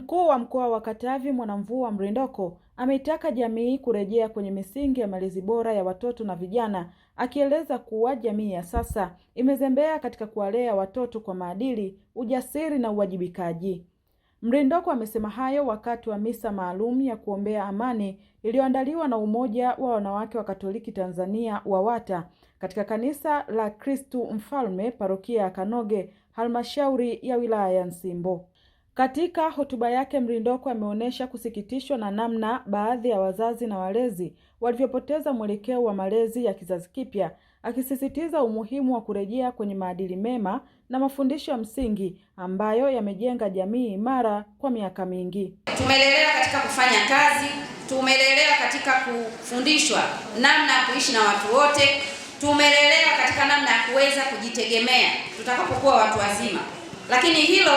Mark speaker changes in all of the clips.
Speaker 1: Mkuu wa Mkoa wa Katavi Mwanamvua Mrindoko ameitaka jamii kurejea kwenye misingi ya malezi bora ya watoto na vijana, akieleza kuwa jamii ya sasa imezembea katika kuwalea watoto kwa maadili, ujasiri na uwajibikaji. Mrindoko amesema hayo wakati wa misa maalum ya kuombea amani iliyoandaliwa na Umoja wa Wanawake wa Katoliki Tanzania WAWATA katika Kanisa la Kristu Mfalme, Parokia ya Kanoge, Halmashauri ya Wilaya ya Nsimbo. Katika hotuba yake, Mrindoko ameonyesha kusikitishwa na namna baadhi ya wazazi na walezi walivyopoteza mwelekeo wa malezi ya kizazi kipya, akisisitiza umuhimu wa kurejea kwenye maadili mema na mafundisho ya msingi ambayo yamejenga jamii imara kwa miaka mingi.
Speaker 2: Tumelelewa katika kufanya kazi, tumelelewa katika kufundishwa namna ya kuishi na watu wote, tumelelewa katika namna ya kuweza kujitegemea tutakapokuwa watu wazima, lakini hilo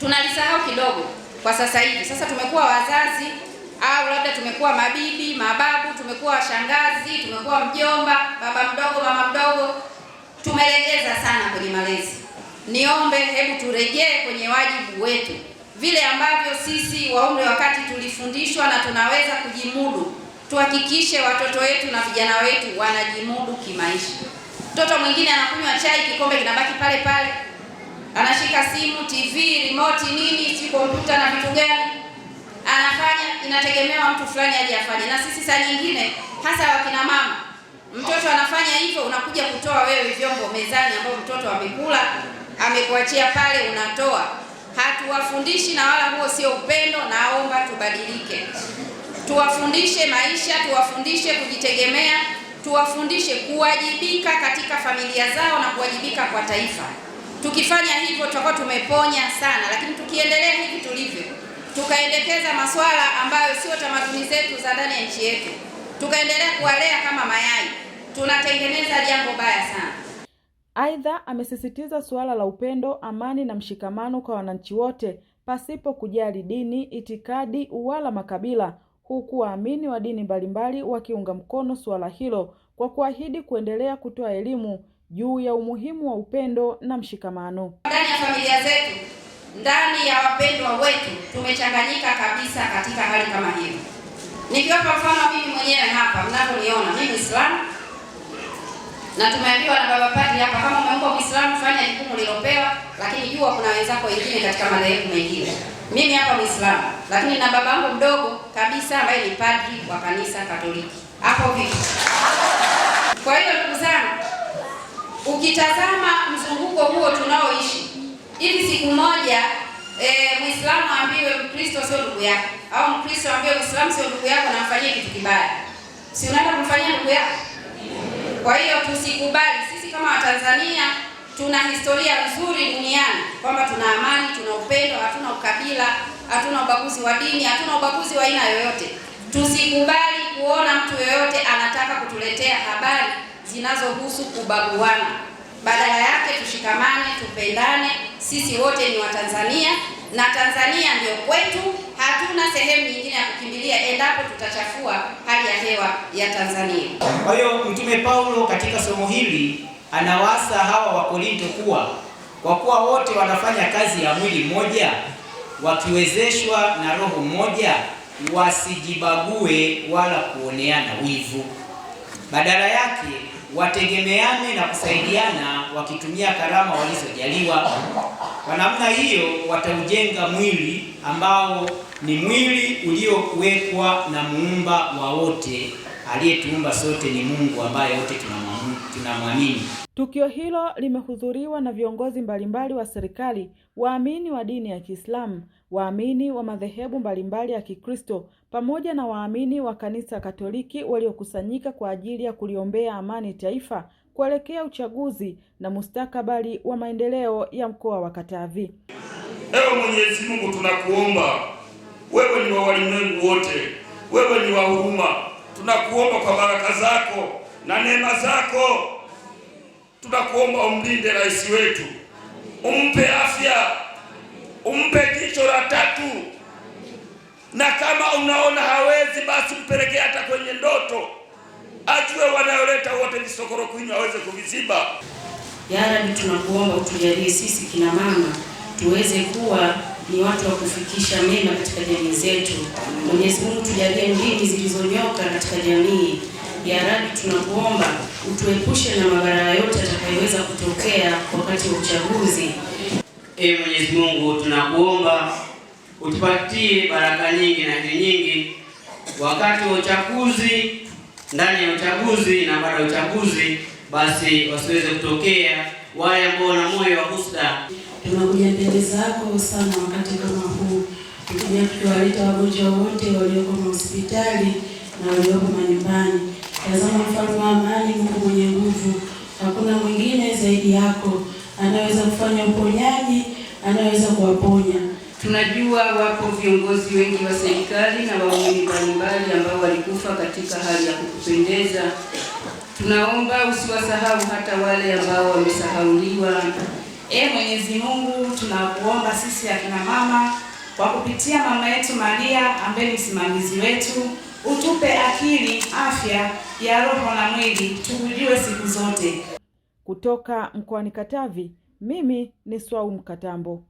Speaker 2: tunalisahau kidogo kwa sasa hivi. Sasa tumekuwa wazazi au labda tumekuwa mabibi, mababu, tumekuwa washangazi, tumekuwa mjomba, baba mdogo, mama mdogo, tumelegeza sana kwenye malezi. Niombe, hebu turejee kwenye wajibu wetu, vile ambavyo sisi wa umri wakati tulifundishwa na tunaweza kujimudu. Tuhakikishe watoto wetu na vijana wetu wanajimudu kimaisha. Mtoto mwingine anakunywa chai, kikombe kinabaki pale pale anashika simu, TV, remote, nini, si kompyuta na vitu gani anafanya, inategemewa mtu fulani aje afanye. Na sisi saa nyingine, hasa wakina mama, mtoto anafanya hivyo, unakuja kutoa wewe vyombo mezani ambao mtoto amekula amekuachia pale, unatoa. Hatuwafundishi na wala huo sio upendo. Naomba tubadilike, tuwafundishe maisha, tuwafundishe kujitegemea, tuwafundishe kuwajibika katika familia zao na kuwajibika kwa taifa. Tukifanya hivyo tutakuwa tumeponya sana, lakini tukiendelea hivi tulivyo, tukaendekeza masuala ambayo sio tamaduni zetu za ndani ya nchi yetu, tukaendelea kuwalea kama mayai, tunatengeneza jambo baya sana.
Speaker 1: Aidha, amesisitiza suala la upendo, amani na mshikamano kwa wananchi wote pasipo kujali dini, itikadi wala makabila, huku waamini wa dini mbalimbali wakiunga mkono suala hilo kwa kuahidi kuendelea kutoa elimu juu ya umuhimu wa upendo na mshikamano.
Speaker 2: Ndani ya familia zetu, ndani ya wapendwa wetu, tumechanganyika kabisa katika hali kama hiyo. Nikiwa kwa mfano mimi mwenyewe hapa mnavyoniona, mimi Muislamu na tumeambiwa na baba padri hapa, kama umeumbwa Muislamu fanya jukumu lilopewa, lakini jua kuna wenzako wengine katika madhehebu mengine. Mimi hapa Muislamu, lakini na yangu mdogo kabisa ambaye ni padri wa kanisa Katoliki hapo vipi? Kwa hiyo ndugu zangu Ukitazama mzunguko huo tunaoishi hivi, siku moja e, Muislamu ambiwe Mkristo sio ndugu yako, au Mkristo ambiwe Muislamu sio ndugu yako na kitu kibaya, si unaenda kumfanyia ndugu yako? Kwa hiyo tusikubali. Sisi kama Watanzania tuna historia nzuri duniani kwamba tuna amani, tuna upendo, hatuna ukabila, hatuna ubaguzi wa dini, hatuna ubaguzi wa aina yoyote. Tusikubali kuona mtu yoyote anataka kutuletea habari zinazohusu kubaguana. Badala yake tushikamane, tupendane, sisi wote ni Watanzania na Tanzania ndiyo kwetu, hatuna sehemu nyingine ya kukimbilia endapo tutachafua hali ya hewa ya Tanzania.
Speaker 3: Kwa hiyo Mtume Paulo katika somo hili anawasa hawa wa Korinto kuwa kwa kuwa wote wanafanya kazi ya mwili mmoja, wakiwezeshwa na roho mmoja wasijibague wala kuoneana wivu, badala yake wategemeane na kusaidiana wakitumia karama walizojaliwa. Kwa namna hiyo wataujenga mwili ambao ni mwili uliowekwa na muumba wa wote aliyetuumba sote, ni Mungu ambaye wote tunamwamini.
Speaker 1: Tukio hilo limehudhuriwa na viongozi mbalimbali wa serikali, waamini wa dini ya Kiislamu waamini wa madhehebu mbalimbali ya Kikristo pamoja na waamini wa Kanisa Katoliki waliokusanyika kwa ajili ya kuliombea amani taifa kuelekea uchaguzi na mustakabali wa maendeleo ya mkoa wa Katavi.
Speaker 4: Ewe Mwenyezi Mungu, tunakuomba wewe, ni wa walimwengu wote, wewe ni wa huruma, tunakuomba kwa baraka zako na neema zako, tunakuomba umlinde rais wetu, umpe afya umpe jicho la tatu, na kama unaona hawezi, basi mpelekee hata kwenye ndoto, ajue wanayoleta wote ni sokoro kunywa, aweze kuviziba.
Speaker 5: Yarabi, tunakuomba utujalie sisi kina mama tuweze kuwa ni watu wa kufikisha mema katika jamii zetu. Mwenyezi Mungu tujalie ndimi zilizonyoka katika jamii. Yarabi, tunakuomba utuepushe na madhara yote atakayoweza kutokea wakati wa uchaguzi.
Speaker 6: Ee Mwenyezi Mungu, tunakuomba utupatie baraka nyingi na heri nyingi wakati wa uchaguzi, ndani ya uchaguzi na baada ya uchaguzi, basi wasiweze kutokea wale ambao wana moyo wa husda.
Speaker 7: Tunakuja mbele zako sana wakati kama huu, tukitumia tukiwaleta wagonjwa wote walioko mahospitali na walioko manyumbani. Tazama mfalme wa amani, Mungu mwenye nguvu, hakuna mwingine zaidi yako anaweza kufanya uponyaji, anaweza kuwaponya.
Speaker 8: Tunajua wapo viongozi wengi wa serikali na waumini mbalimbali ambao walikufa katika hali ya kukupendeza. Tunaomba usiwasahau hata wale ambao wamesahauliwa. E Mwenyezi Mungu, tunakuomba sisi akina mama kwa kupitia mama yetu Maria ambaye ni msimamizi wetu, utupe akili, afya ya roho na mwili, tuguliwe siku zote.
Speaker 1: Kutoka mkoani Katavi, mimi ni Swau Mkatambo.